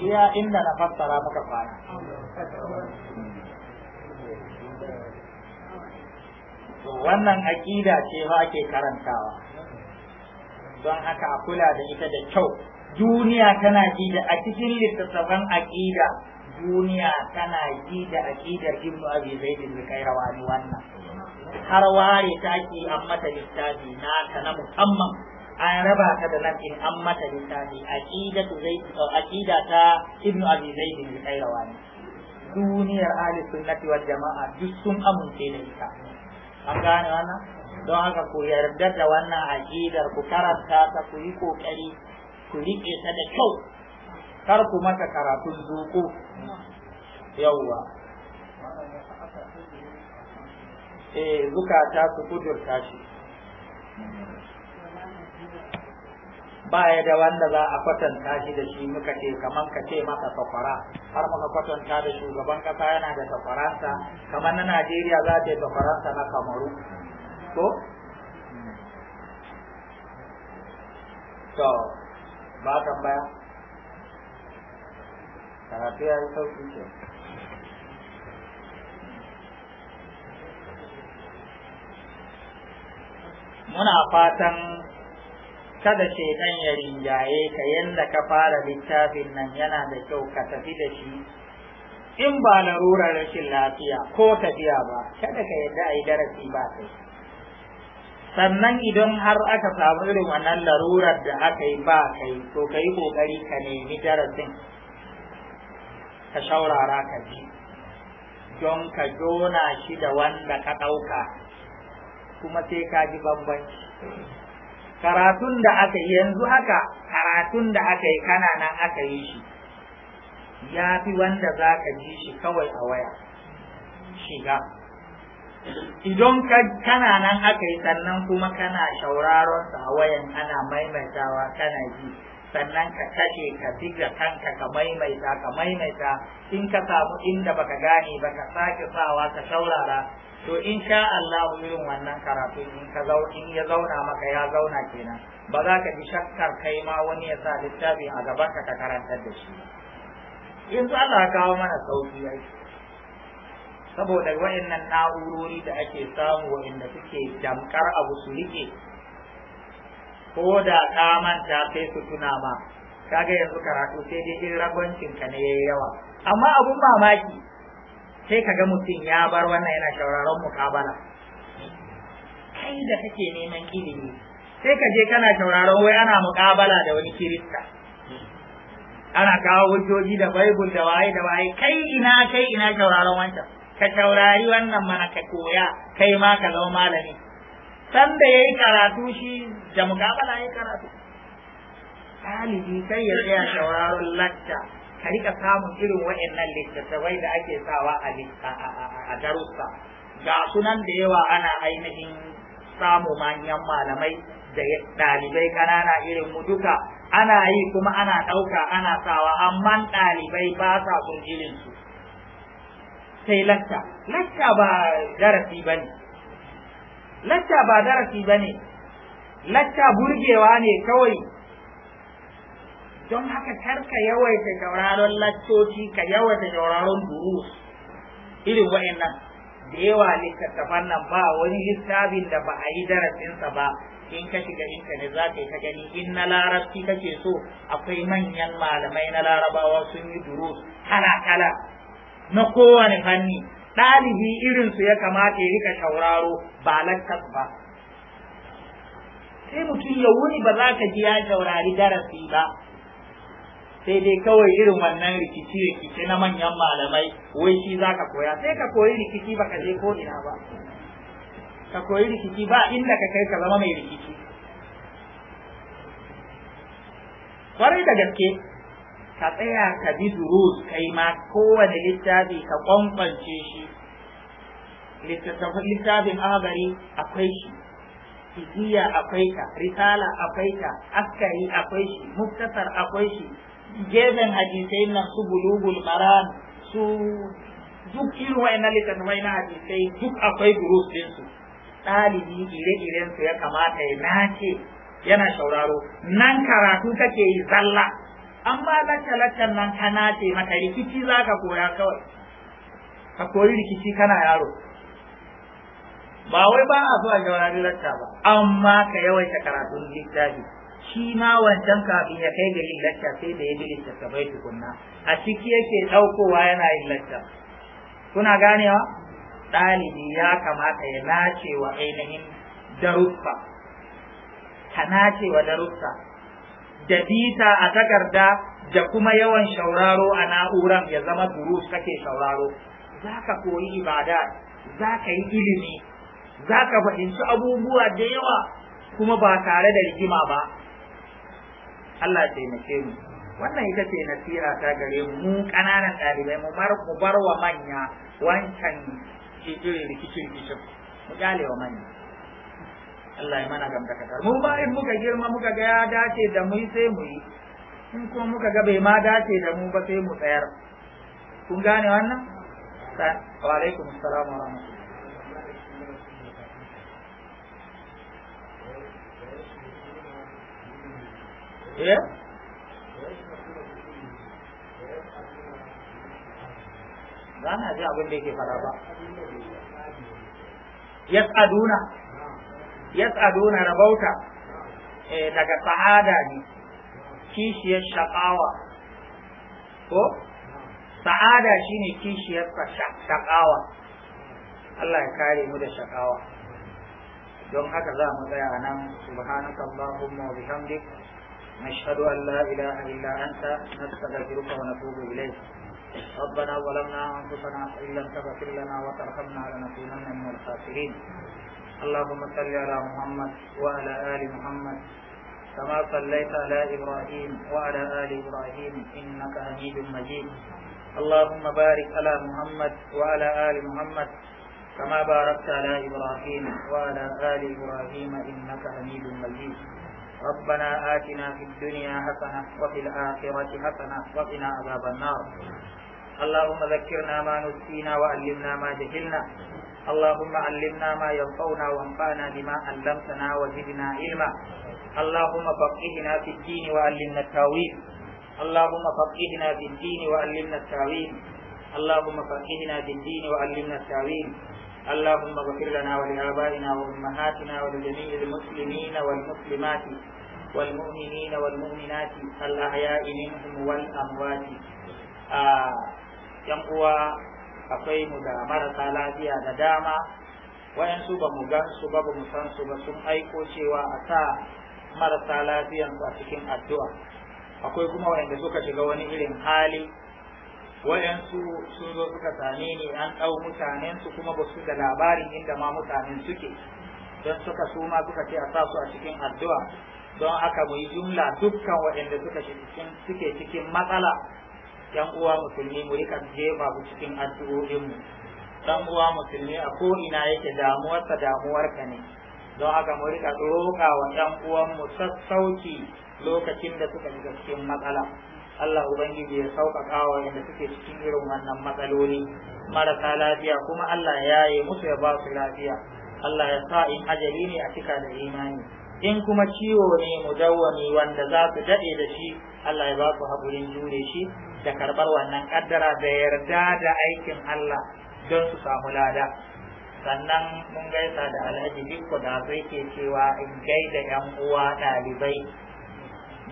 iya inda na fassara maka kwana wannan aƙida ce ba ake karantawa don haka a kula da ita da kyau duniya tana ji da a cikin littattafan aƙida duniya tana ji da aƙidar ibnu abi zaid bin kairawani wannan har ware take an mata littafi naka na musamman an raba ka da nan in an mata lissafi aqida tu zai ta ibnu abi zaid bin duniyar ahli sunnati wal jama'a duk sun amince da ita an gane wannan don haka ku yarda da wannan aqidar ku karanta ta ku yi kokari ku rike ta da kyau kar ku mata karatun zuku yawwa eh zukata su kudurta shi baya da wanda za a kwatanta shi da shi muka ce kamar ka ce masa sakwara har muka kwatanta da shugaban kasa yana da sakwaransa kamar na najeriya za ta yi sakwaransa na kamaru to to ba baya karatu ya yi sauki ce muna fatan kada shaidan ya rinjaye ka yanda ka fara littafin nan yana da kyau ka tafi da shi in ba larurar rashin lafiya ko tafiya ba kada ka yarda a yi darasi ba kai sannan idan har aka samu irin wannan larurar da aka yi ba kai to ka yi kokari ka nemi darasin ka shaurara ka ji don ka jona shi da wanda ka ɗauka kuma sai ka ji bambanci karatun da aka yi yanzu haka karatun da aka yi kana aka yi shi ya fi wanda za ka ji shi kawai a waya shiga idan kana nan aka yi sannan kuma kana shauraron sa a wayan ana maimaitawa kana ji sannan ka kashe ka diga kanka ka maimaita ka maimaita in ka samu inda baka gane baka sake sawa ka saurara to in sha Allah irin wannan karatu in ka in ya zauna maka ya zauna kenan ba za ka bi shakkar kai ma wani ya sa littafi a gaban ka ka karantar da shi in za Allah kawo mana sauki ai saboda wayannan na'urori da ake samu wayanda suke damkar abu su rike ko da ka manta sai su tuna ma kaga yanzu karatu sai dai in ragwancin ka ne yayi yawa amma abun mamaki sai kaga mutum ya bar wannan yana shauraron mukabala kai da kake neman ilimi sai ka je kana shauraron wai ana mukabala da wani kirista ana kawo hujjoji da baibul da waye da waye kai ina kai ina shauraron wancan ka shaurari wannan mana ka koya kai ma ka zama malami san da yayi karatu shi da mukabala yayi karatu ɗalibi kai ya tsaya shauraron lacca ka rika samun irin wa'annan littattafai da ake sawa a darussa ga sunan da yawa ana ainihin samu manyan malamai da ɗalibai ƙanana irin mu duka ana yi kuma ana ɗauka ana sawa amma ɗalibai ba sa kun irin su sai lacca ba darasi ba ne lacca ba darasi ba ne lacca burgewa ne kawai don haka karka yawaita tauraron laccoci ka yawaita tauraron durus irin wa'annan da yawa littattafan nan ba wani hisabin da ba a yi darasinsa ba in ka shiga intanet za ka yi ta gani in na larabci kake so akwai manyan malamai na larabawa sun yi durus kala kala na kowane fanni ɗalibi irinsu ya kamata ya rika tauraro ba lakkas ba sai mutum ya wuni ba za ka ji ya saurari darasi ba sai dai kawai irin wannan rikici rikici na manyan malamai wai shi za ka koya sai ka koyi rikici ba ka je ko ina ba ka koyi rikici ba inda ka kai ka zama mai rikici kwarai da gaske ka tsaya ka bi durus kai ma kowane littafi ka kwankwance shi littafin agari akwai shi iziya akwai ka risala akwai ka askari akwai shi muktasar akwai shi gefen hadisai nan su bulugul maran su duk irin wa'annan littattafai na hadisai duk akwai gurus ɗinsu ɗalibi ire-iren su ya kamata ya nace yana shauraro. nan karatu kake yi zalla amma lacce-laccen nan ka nace maka rikici za ka koya kawai ka koyi rikici kana yaro ba wai ba a zuwa saurari lacca ba amma ka yawaita karatun littafi shi ma wancan kafin ya kai ga yin sai da ya bi bai tukunna a ciki yake ɗaukowa yana yin kuna ganewa ɗalibi ya kamata ya nace wa ainihin darussa ta nace wa darussa da bita a takarda da kuma yawan shauraro a na'uran ya zama durus kake shauraro za ka koyi ibada za ka yi ilimi za ka fahimci abubuwa da yawa kuma ba tare da rigima ba Allah ya taimake mu wannan ita ce nasira ta gare mu ƙananan ɗalibai mu bar mu bar wa manya wancan irin rikicin rikicin mu kyale wa manya Allah ya mana gamdakatar mu ba in muka girma muka ga ya dace da mu sai mu yi in kuma muka ga bai ma dace da mu ba sai mu tsayar kun gane wannan wa alaikum assalam wa rahmatullahi eh ba ji abin da yake fara ba yas'aduna yas'aduna rabauta eh, daga sa'ada ne kishiyar shaqawa ko sa'ada shine kishiyar shaqawa Allah ya kare mu da shaqawa don haka za mu tsaya nan subhanakallahumma wa bihamdika نشهد أن لا إله إلا أنت نستغفرك ونتوب إليك ربنا ظلمنا أنفسنا ان لم تغفر لنا وترحمنا لنكونن من الخاسرين اللهم صل على محمد وعلى آل محمد كما صليت على إبراهيم وعلى آل إبراهيم إنك حميد مجيد اللهم بارك على محمد وعلى آل محمد كما باركت على إبراهيم وعلى آل إبراهيم إنك حميد مجيد ربنا آتنا في الدنيا حسنة وفي الآخرة حسنة وقنا عذاب النار اللهم ذكرنا ما نسينا وعلمنا ما جهلنا اللهم علمنا ما ينفعنا وانفعنا بما علمتنا وزدنا علما اللهم فقهنا في الدين وعلمنا التاويل اللهم فقهنا في الدين وعلمنا التاويل اللهم فقهنا في الدين وعلمنا التاويل اللهم اغفر لنا ولآبائنا وأمهاتنا ولجميع المسلمين والمسلمات والمؤمنين والمؤمنات الأحياء منهم والأموات yan uwa akwai mu da marasa lafiya da dama wayansu ba mu gan su ba ba mu san su ba sun aiko cewa a sa marasa lafiyan su a cikin addu'a akwai kuma wayanda suka shiga wani irin hali wayansu sun zo suka same ni an ɗau mutanen su kuma ba su da labarin inda ma mutanen suke don suka suma suka ce a sa su a cikin addu'a don aka mu yi jumla dukkan waɗanda suka cikin suke cikin matsala yan uwa musulmi mu rika jefa ku cikin addu'o'in mu dan uwa musulmi a ko ina yake damuwarsa damuwarka ne don aka mu rika roƙa wa yan uwan mu sassauci lokacin da suka shiga cikin matsala Allah Ubangiji ya sauƙaƙa wa waɗanda suke cikin irin wannan matsaloli marasa lafiya kuma Allah ya yi musu ya ba su lafiya Allah ya sa in ajali ne a cika da imani in kuma ciwo ne mu mudawwami wanda za su daɗe da shi Allah ya ba ku haƙurin jure shi da karɓar wannan ƙaddara da yarda da aikin Allah don su samu lada sannan mun gaisa da alhaji Bikko da zai ke cewa in gaida yan uwa ɗalibai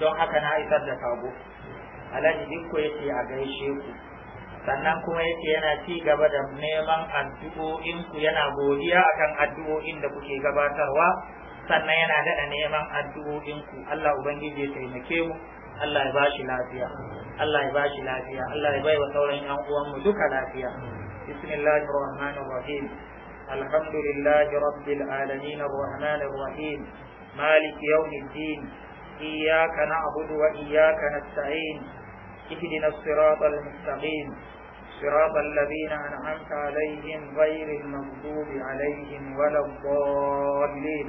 don haka na isar da kago alhaji Bikko yake a gaishe ku sannan kuma yake yana ci gaba da neman addu'o'inku yana godiya akan addu'o'in da kuke gabatarwa sannan yana daɗa neman addu'o'inku Allah ubangiji ya taimake mu Allah ya bashi lafiya Allah ya bashi lafiya Allah ya baiwa sauran yan uwanmu duka lafiya bismillahir rahmanir rahim alhamdulillahi rabbil alamin arrahmanir rahim maliki yawmiddin iyyaka na'budu wa iyyaka nasta'in ihdinas siratal mustaqim صراط الذين أنعمت عليهم غير المغضوب عليهم ولا الضالين